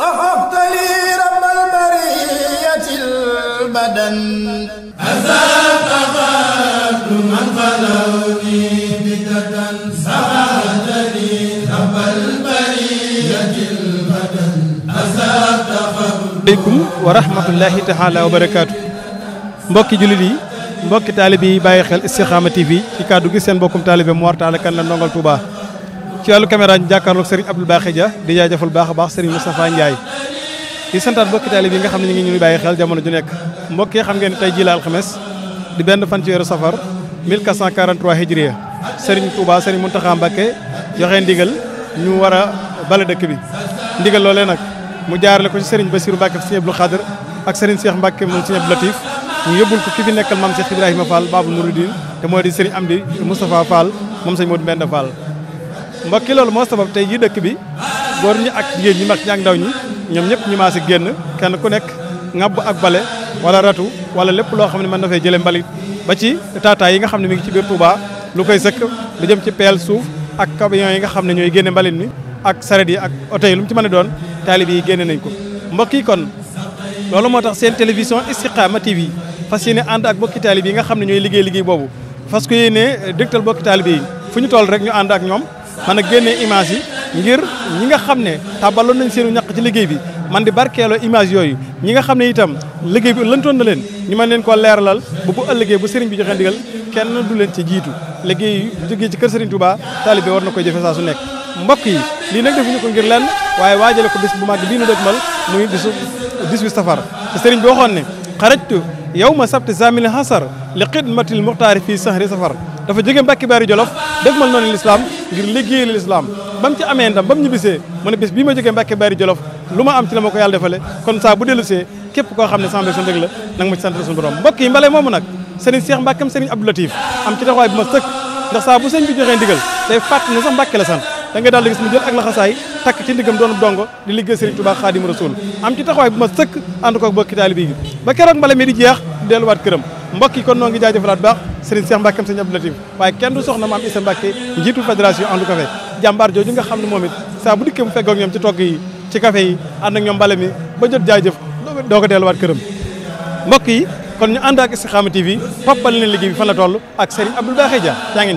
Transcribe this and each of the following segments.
صحبت لي رب البرية البدن أزال أغاد من خلوني بددا صحبت لي رب البرية البدن أزال aleykum wa rahmatullahi taala wa barakaatu mbokki jullit yi mbokki taalibe yi bàyyi xel Istikhama TV ci kàddu gi seen mbokkum taalibe Mor Talla Kane la ndongal Touba ci wàllu caméra ñu jàkkaarloog Serigne Abdou Bakhy Dia di jaajëfal baax a baax Serigne Moustapha Ndiaye di santaat mbokki taalibe yi nga xam ne ñi ngi ñu ñuy bàyyi xel jamono ju nekk mbokk yi xam ngeen tey jii la alxames di benn fan ci weeru safar 1443 hijriya Serigne Touba Serigne Mountakha Mbacké joxe ndigal ñu war a bale dëkk bi ndigal loole nag mu jaarale ko ci Serigne Bassirou Mbacké Serigne Abdou Khadr ak Serigne Cheikh Mbacké moom Serigne Abdou Latif ñu yóbbul ko ki fi nekkal maam Cheikh Ibrahima Fall Babou Mouridine te mooy di Serigne Amdi Moustapha Fall moom Serigne Modou Mbenda Fall mbokki loolu moo sabab tey ji dëkk bi góor ñi ak jigéen ñi mag ñi ak ndaw ñi ñoom ñëpp ñu maase génn kenn ku nekk ŋabb ak bale wala ratu wala lépp loo xam ne mën na fay jële mbalit ba ci taataay yi nga xam ne mi ngi ci biir Touba lu koy sëkk lu jëm ci peel suuf ak camion yi nga xam ne ñooy génne mbalit mi ak saret yi ak oto lu mu ci mën a doon taalib yi génne nañ ko mbokk yi kon loolu moo tax seen télévision Istikhama TV fas yéene ànd ak bokki taalib nga xam ne ñooy liggéey liggéey boobu fas ko yéene dëgtal bokki taalib yi ñu toll rek ñu ànd ak ñoom mën a génnee image yi ngir ñi nga xam ne taabaloon nañ seenu ñaq ci liggéey bi man di barkeeloo image yooyu ñi nga xam ne itam liggéey bi lëntoon na leen ñu mën leen koo leeralal bu bu ëllëgee bu sëriñ bi joxe ndigal kenn du leen ci jiitu liggéey bu jógee ci kër sëriñ Touba taalibe war na koy jëfe saa su nekk mbokk yi lii nag defuñu ko ngir lenn waaye waajale ko bis bu mag bii nu dëgmal muy bisu 18 safar te sëriñ bi waxoon ne xarajtu yow ma sabti zamil hasar li xidmatil muxtaari fii sahri safar dafa jóge Mbàkke Baari Jolof dëgmal noonu lislaam ngir liggéeyal lislaam ba mu ci amee ndam ba mu ñibbisee mu ne bis bii ma jógee mbakke Baari Jolof lu ma am ci la ma ko yàlla defale kon saa bu dellusee képp koo xam ne sambé suñu dëgg la nag ma ci sant suñu borom mbokk yi mbalee moomu nag sëriñ Cheikh Mbàkkam sëriñ Abdou Latif am ci taxawaay bu ma sëkk ndax saa bu sëñ bi joxee ndigal day fàtt ne sax Mbàkke la sant da ngay daal di gis mu jël ak laxasaay takk ci ndiggam doon dongo di liggéey Serigne Touba Xaadimu Rasuul am ci taxawaay bu ma sëkk ànd ko bokki taalibe ba keroog mbala di jeex delluwaat këram mbokk yi kon noo ngi jaajëfalaat baax Serigne Cheikh Mbacke Serigne Abdou Latif waaye kenn du soxna maam Issa Mbacke njiitu fédération Andou Café jooju nga xam ne moom it saa bu dikkee mu feggoog ñoom ci togg yi ci café yi ànd ak ñoom mbala mi ba jot jaajëf doo ko mbokk yi kon ñu ànd ak Istikhama TV toppal leen liggéey bi fan la toll ak Serigne Abdoul Bakhe Dia yaa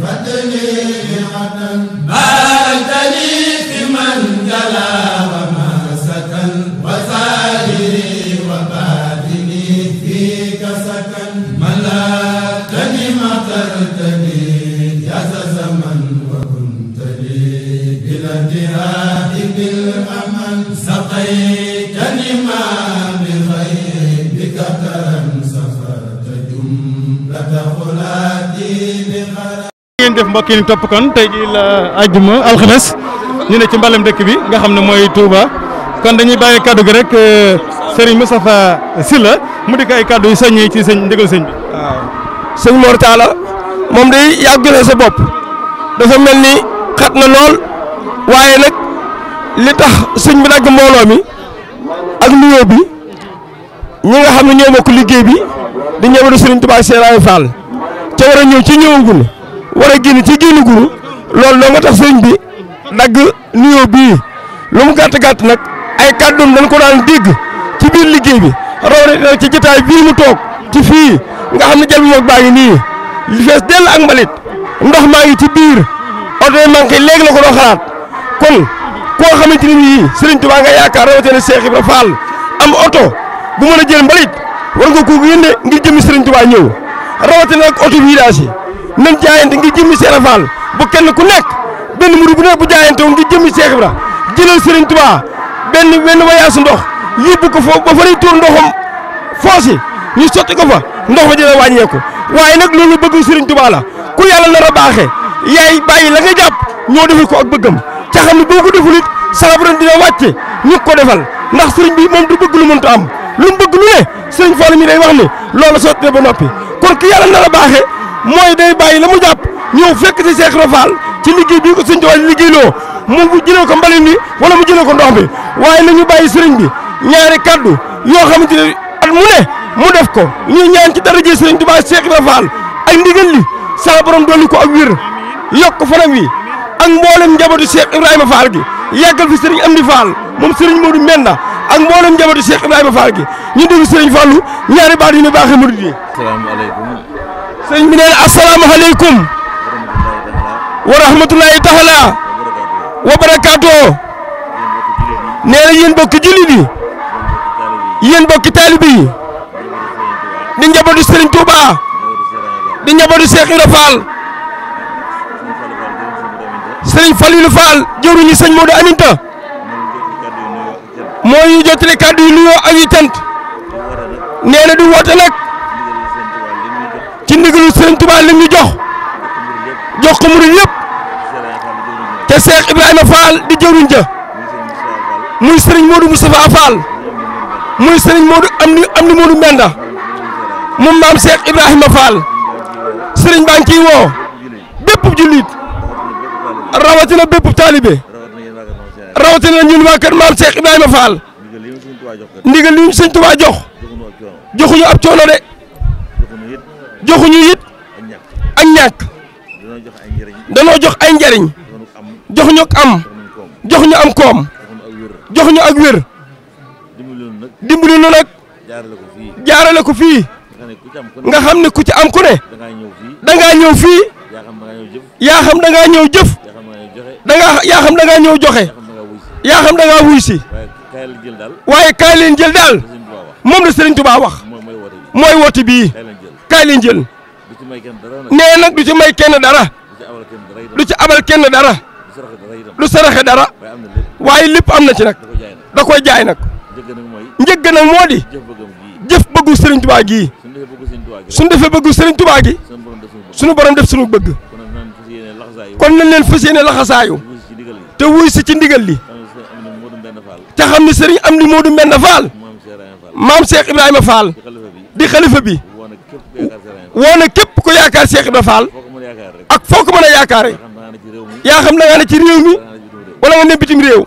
فتني mbokk yi topp kon tey jii la àjjuma alxames ñu ne ci mbalem dëkk bi nga xam ne mooy Touba kon dañuy bàyyi kaddu gi rek euh, Serigne Moustapha Sylla mu dikk ay kaddu yu ci sëñ ndigal sëñ bi. waaw sëñ moom day yàgg sa bopp dafa mel ni xat na lool waaye nag li tax sëñ bi nag mbooloo mi ak nuyoo bi ñi nga xam ne ñoo bokk liggéey bi di ñëw a sëñ Touba Serigne Fall ca war a ñëw ci ñëwagul. war a génn ci génn guru loolu doo nga tax sëñ bi dagg nuyoo bii lu mu gàtt nag ay kàddum dañ ko daan dégg ci biir liggéey bi rawatina ci jotaay bii mu toog ci fii nga xam ne jël bi mag baa ngi nii li fees dell ak mbalit ndox maa ngi ci biir oto yi manqué léegi la ko doo xalaat kon koo xamante ni nii Serigne Touba nga yaakaar rawatina Cheikh Ibra Fall am oto bu mën a jël mbalit war nga ko yënde ngir jëmi Serigne Touba ñëw rawatina ak oto bii daa nañ jaayante ngir jëmmi Cheikh Ibra Fall bu kenn ku nekk benn murid bu nekk bu jaayante wu ngir jëmmi Cheikh Ibra jëlal Serigne Touba benn benn wayaasu ndox yóbbu ko foofu ba fa lay tuur ndoxam foosi ñu sotti ko fa ndox fa dina wàññeeku waaye nag loolu bëgg Serigne Touba la ku yàlla nar a baaxee yaay bàyyi la nga jàpp ñoo defal ko ak bëggam ca xam ne boo ko deful it salabaram dina ko defal ndax sëriñ bi moom du bëgg lu mënta am lu mu bëgg lu ne sëriñ Fall mi day wax ni a mooy day bàyyi la mu jàpp ñëw fekk ci Cheikh Rafal ci liggéey bii ko sëñ Tuubaa liggéeyloo mu jëlee ko mbalit mi wala mu jëlee ko ndox mi waaye la ñu bàyyi sëriñ bi ñaari kaddu yoo xamante ne at mu ne mu def ko ñuy ñaan ci daraje sëriñ Tuubaa Cheikh Rafal ak ndigal li saa borom dolli ko ak wér yokk fanam wi ak mboolem njabootu Cheikh ma Fall gi yàggal fi sëriñ Amdi Fall moom sëriñ Modou Mbenda ak mboolem njabootu Cheikh Ibrahima Fall gi ñu déglu sëriñ Fallou ñaari baat yu ne baaxee murid sëñ bi nee na asalaamaaleykum wa rahmatulahi taala wa barakaatoo nee na bokki jullit yi bokki taalibe yi di njabootu Serigne Touba di njabootu Cheikh Ibra Fall Serigne Falilou Fall jëwriñu sëñ Modou Aminta mooy ñu jotale kàddu yi nuyoo ak yi cant nee na du woote ndigalu sëriñ Tuubaa lim ñu jox jox ko murid yëpp te Cheikh Ibrahima Fall di jëwriñ ja muy sëriñ Modou Moustapha Fall muy sëriñ Modou am ni am ni Modou Mbenda maam Cheikh Ibrahima Fall sëriñ baa ngi bépp jullit rawatina bépp taalibe rawatina ñun waa kër maam Cheikh Ibrahima Fall ndigal li ñu sëriñ Tuubaa jox joxuñu ab coono de. joxuñu it ak ñàkk danoo jox ay njariñ jox ñu ak am jox ñu am koom jox ñu ak wér dimbali nu nag jaarale ko fii nga xam ne ku ci am ku ne da ngaa ñëw fii yaa xam da ngaa ñëw jëf da ngaa yaa xam da ngaa ñëw joxe yaa xam da wuy si waaye kaay leen jël daal moom la Serigne Touba wax mooy woote bii. kaay leen jël nee nag du ci may kenn dara du ci abal kenn dara du saraxe dara waaye lépp am na ci nag da koy jaay nag njëgg nag moo di jëf bëggu Serigne Touba gii suñu defee bëggu Serigne Touba gi suñu borom def suñu bëgg kon nañ leen fas yéene laxasaayu te wuy si ci ndigal li te xam ne Serigne am ni Modou Mbenda Fall maam Cheikh Ibrahima Fall di xalifa bi. woo na képp ku yaakaar Cheikh Ibra Fall ak foo ko mën a yaakaare yaa xam na nga ci réew mi wala nga bitim réew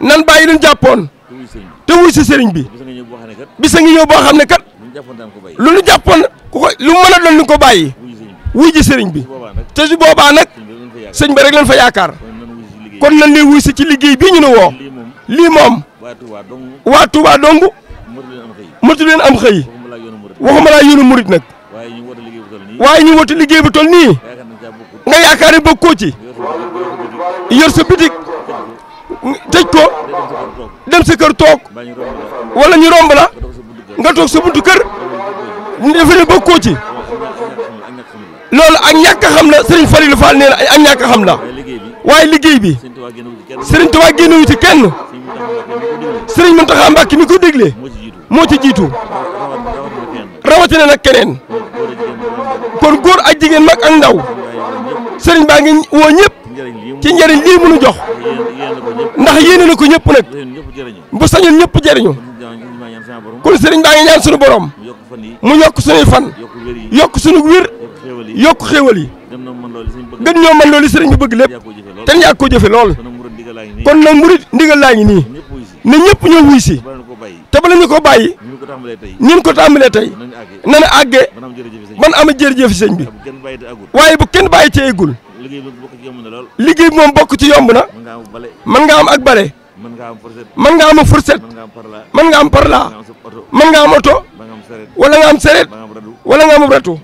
nan bàyyi luñ jàppoon te wuy si sëriñ bi bisa ngi ñëw boo xam ne kat lu ñu jàppoon ku ko lu mën a doon ñu ko bàyyi wuy ji sëriñ bi te su boobaa nag sëñ bi rek lañ fa yaakaar kon nan lay wuy si ci liggéey bii ñu ne woo lii moom waa Touba dong mënatu leen am xëy waxuma laa yoonu murit nag waaye ñu woote liggéey bu tol nii nga yaakaar ne bokkoo ci sa bitik tëj ko dem sa kër toog wala ñu romb la nga toog sa buntu kër ñu defe ne bokkoo ci loolu ak ñàkk a xam la Serigne Falilou Fall nee na ak ñàkk a xam la waaye liggéey bi Serigne Touba génnewu ci kenn Serigne Mountakha Mbacké mi ko déglee moo ci jiitu. rawatina nag keneen kon góor ak jigéen mag ak ndaw sëriñ baa ngi woo ñëpp ci njëriñ lii mënu jox ndax yéene na ko ñëpp nag bu sañul ñëpp jëriñu kon sëriñ baa ngi ñaan suñu borom mu yokk suñuy fan yokk suñu wér yokk xéewal yi gën ñoo mën loolu sëriñ bi bëgg lépp te ñàkk ko jëfe lool kon nag murit ndigal laa ngi nii ne ñëpp ñoo wuy si te bala ñu ko bàyyi nin ko tàmbalee tey nana àggee man ama jërëjëf sëñ bi waaye bu kenn bàyyi ci eggul liggéey bi moom bokk ci yomb na man nga am ak bale man nga am a man nga am parla man nga am oto wala nga am seret wala nga am ratu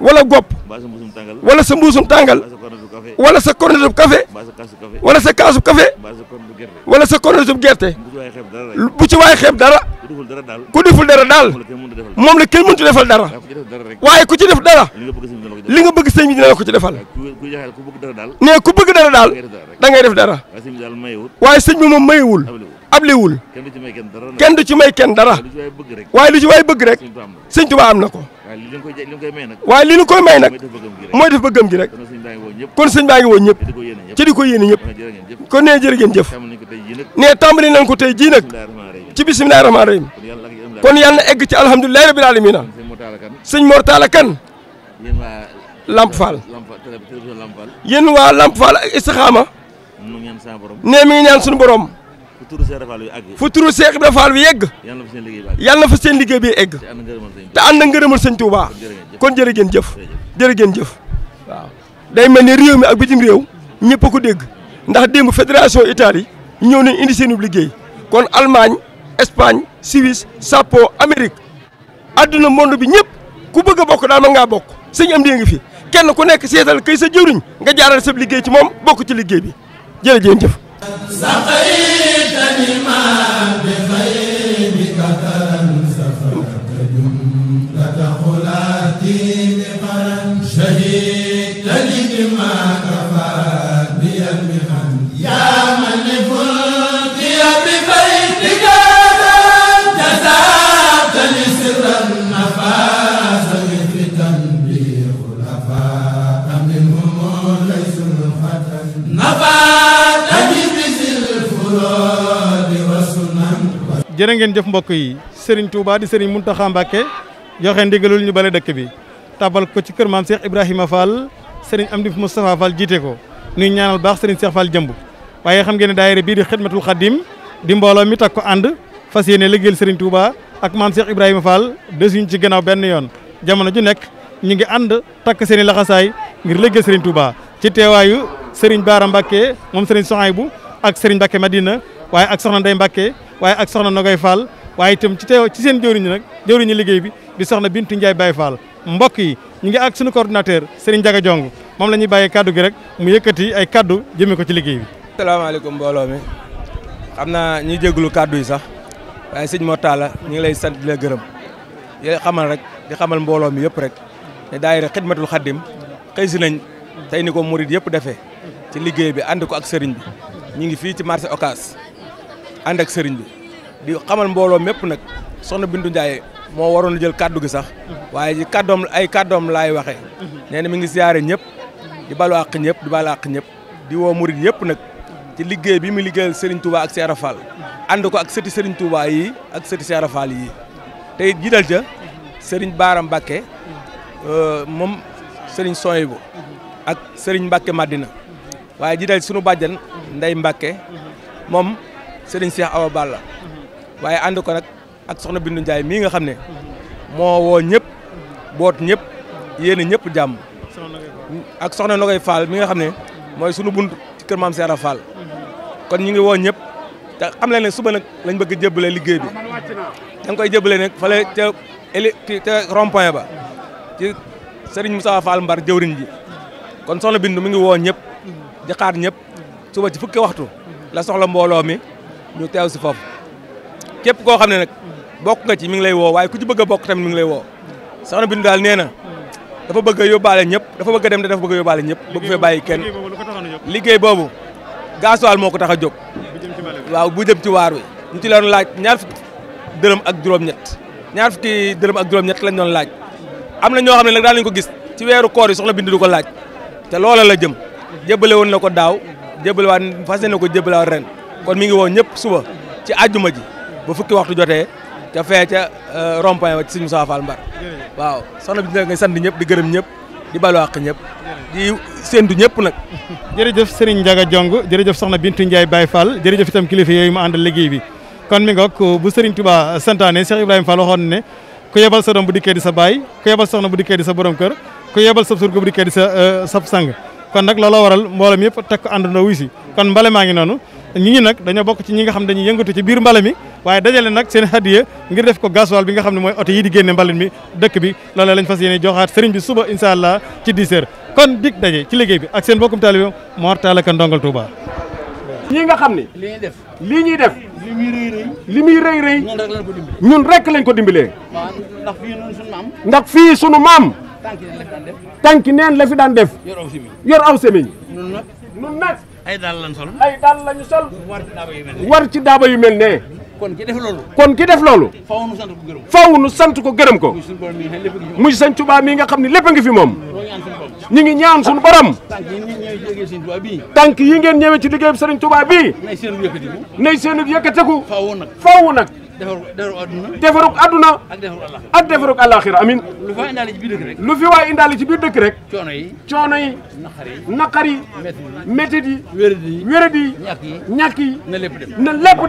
wala gopp wala sa mbuusum tàngal wala sa cornetub café wala sa kaasub café wala sa cornetub gerte bu ci waay xeeb dara ku deful dara daal moom la kenn mënut defal dara waaye ku ci def dara li bëgg sëñ bi dina la ko ci defal ne ku bëgg dara daal da def dara waaye sëñ bi moom mayewul ablewul kenn du ci may kenn dara waaye lu ci waay bëgg rek sëñ Tuubaa am na ko waaye li koy may nag mooy def bëggam gi rek kon sëñ baa ngi woo ñëpp ci ko yéene ñëpp kon nee jërë ngeen jëf nee tàmbali ko tey jii nag. ci bisimilah rahmaani rahim kon yàlla na egg ci alhamdulilah rabil aalamiina sëñ Mor Talla Kane Lamp Fall yenn waa Lamp Fall ak Istikhama nee mi ngi ñaan suñu borom fu turu Seex Ibra Fall bi yegg yal na fa seen liggéey bi egg te ànd ak ngërëmal sëñ Touba kon jërë ngeen jëf jërë ngeen jëf waaw. day mel ni réew mi ak bitim réew ñëpp a ko dégg ndax démb fédération Italie ñëw nañ indi seen liggéey kon Allemagne. Espagne Suisse sapo Amérique adduna monde bi ñëpp ku bëgg a bokk daal mën ngaa bokk sëñ am di ngi fi kenn ku nekk seetal kay sa jëwriñ nga jaaral sa liggéey ci moom bokk ci liggéey bi jërëjëf. jërë ngeen jëf mbokk yi Serigne Touba di Serigne Mountakha Mbacké joxe ndigalul ñu bale dëkk bi taabal ko ci kër maam Cheikh Ibrahima Fall Serigne Amdi Moustapha Fall jiite ko nuy ñaanal baax Serigne Cheikh Fall jëmb waaye xam ngeen ne daayira bii di xidmatul xadim di mbooloo mi takk ko ànd fas yéene liggéeyal Serigne Touba ak maam Ibrahima Fall desuñ ci gannaaw benn yoon jamono ju nekk ñu ngi ànd takk seeni laxasaay ngir liggéeyal Serigne Touba ci teewaayu Serigne Baara Mbacké moom Serigne Sohaybu ak Serigne Mbacké Madina waaye ak Soxna waaye ak soxna Nogoy Fall waaye itam ci teew ci seen jëwriñu nag jëwriñu liggéey bi di soxna Bintu Ndiaye Baye Fall mbokk yi ñu ngi ak suñu coordinateur Serigne Ndiaga Diong moom la ñuy bàyyee kaddu gi rek mu yëkkati ay kaddu jëmee ko ci liggéey bi. asalaamaaleykum mbooloo mi xam naa ñuy jéglu kaddu yi sax waaye sëñ Mortalla ñu ngi lay sant di la gërëm di xamal rek di xamal mbooloo mi yëpp rek ne daayira xidmatul xaddim xëy si nañ tey ni ko murid yëpp defee ci liggéey bi ànd ko ak sëriñ ñu ngi fii ci marché Ocass ànd ak sëriñ bi di xamal mbooloo mépp nag soxna bindu Ndiaye moo waroon a jël kàddu gi sax waaye ci kaddoom ay kàddoom laay waxee nee na mi ngi siyaare ñëpp di balu àq ñëpp di ñëpp di woo murit yëpp nag ci liggéey bi mu liggéeyal Serigne Touba ak Cheikh Fall ànd ko ak sëti Serigne Touba yi ak sëti Cheikh Fall yi tey it jiital ca Serigne Baara Mbacke euh, moom Serigne Soyibu ak Serigne Mbacke Madina waaye jiital sunu bàjjan Ndey Mbacke moom. Serigne Cheikh Awa Balla waaye ànd ko nag ak soxna Bindu Ndiaye mii nga xam ne moo woo ñëpp boot ñëpp yéen ñëpp jàmm ak soxna Nogay Fall mi nga xam ne mooy sunu bunt ci kër maam Seera Fall kon ñu ngi woo ñëpp te xam leen suba nag lañ bëgg jébbalee liggéey bi koy jébbalee nag fale ca éli ba ci Serigne Moussa Mbar jëwriñ ji kon soxna Bindu mi ngi woo ñëpp di xaar ñëpp suba ci fukki waxtu la soxla mbooloo mi ñu teew si foofu képp koo xam ne nag bokk nga ci mi ngi lay woo waaye ku ci bëgg a bokk ngi lay woo soxna Bintu daal nee na dafa bëgg a yóbbaale ñëpp dafa bëgg a dem te dafa bëgg yóbbaale ñëpp bëgg fee bàyyi kenn liggéey boobu gaasuwaal moo ko tax a jóg waaw bu jëm ci waar wi ñu ci doon laaj ñaar fukki dërëm ak juróom-ñett ñaar ak juróom lañ doon laaj am na ñoo xam ne nag daan nañu ko gis ci weeru koor yi soxna Bintu du ko laaj te loola la jëm jébale woon na ko daaw jébale waat fas ko jébale ren kon mi ngi woo ñëpp suba ci àjjuma ji ba fukki waxtu jotee ca fee ca euh, rond-point wa ci Serigne Moussa Fall Mbar waaw soxna bi dina ngay sant ñëpp di gërëm ñëpp di balu àq ñëpp di séntu ñëpp nag jërëjëf Serigne Ndiaga Diong jërëjëf soxna Bintu Ndiaye Baye Fall jërëjëf itam kilifa yooyu mu àndal liggéey bi kon mi ngoog bu Serigne Touba santaane Cheikh Ibrahima Fall waxoon ne ku yebal sa doom bu di di sa baay ku yebal soxna bu dikkee di sa borom kër ku yebal sa surga bu dikkee di sa euh, sab sang kon nag looloo waral mboolem yëpp teg ko àndandoo wuy si kon mbale maa ngi noonu ñi ñi nag dañoo bokk ci ñi nga xam dañuy yëngatu ci biir mbale mi waaye dajale nag seen hadiya ngir def ko gasoil bi nga xam ne mooy oto yi di génne mbalit mi dëkk bi loolee lañ fas yéene joxaat sëriñ bi suba incha allah ci 10 heures kon dig daje ci liggéey bi ak seen bokkum taalibe Mor Talla Ka Ndongal Touba ñi nga xam ne li def li ñuy def li muy rëy rëy li muy rëy rëy ñun rek lañ ko dimbalee ndax fii sunu maam tànki neen la fi daan def. yor aw semiñ yor aw semiñ. nun nag nun nag. ay daal lañ sol. ay daal lañu sol. war ci daaba yu mel ne. war ci daaba yu mel ne. kon ki def loolu. kon ki def loolu. faaw nu sant ko gërëm ko. faaw nu sant ko gërëm ko. muy sëñ Tuubaa mi nga xam ne lépp a ngi fi moom. ñu ngi ñaan suñu borom. tànk yi ngeen ñëwee ci liggéeyam sëriñ Tuubaa bii. nay seen yëkkatiku. nay seen yëkkatiku. faaw nag faaw nag. defaru defaru adduna. defarug adduna. ak defarug àllaaxira ak defarug àllaaxira amiin. lu fi waay indaale ci biir dëkk rek. rek. coono yi coono yi. naqar yi naqar yi. métit yi métit yi. wérad yi ñàkk yi na lépp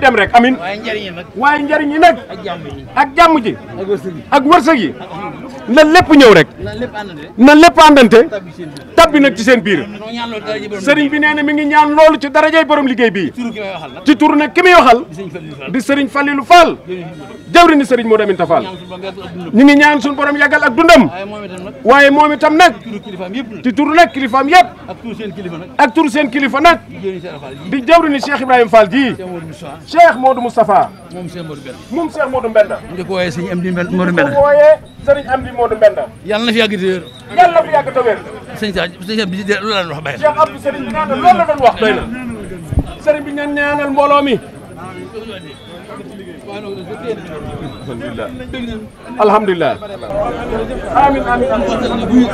dem na rek amiin. waaye njariñ yi nag. waaye njariñ yi nag. ak jàmm ji ak jàmm ji. ak ak wërsëg yi. na lépp ñëw rek na lépp àndante tabbi nag ci seen biir sëriñ bi nee mi ngi ñaan loolu ci darajay borom liggéey bii ci tur nag ki muy waxal di sëriñ Falilou Fall jawri ni sëriñ Modou Aminta Fall ñu ngi ñaan suñu borom yàggal ak dundam waaye moom itam nag ci tur nag kilifaam yëpp ak tur seen kilifa nag di jawri ni Cheikh Ibrahima Fall jii Modou Mbenda yàlla na fi yàgg te wér yàlla na fi yàgg te wér sëñ Sadio sëñ bi loolu la doon wax bàyyi Cheikh Abdou sëriñ bi nee na wax doy bi ñaan ñaanal mbooloo mi alhamdulilah alhamdulilah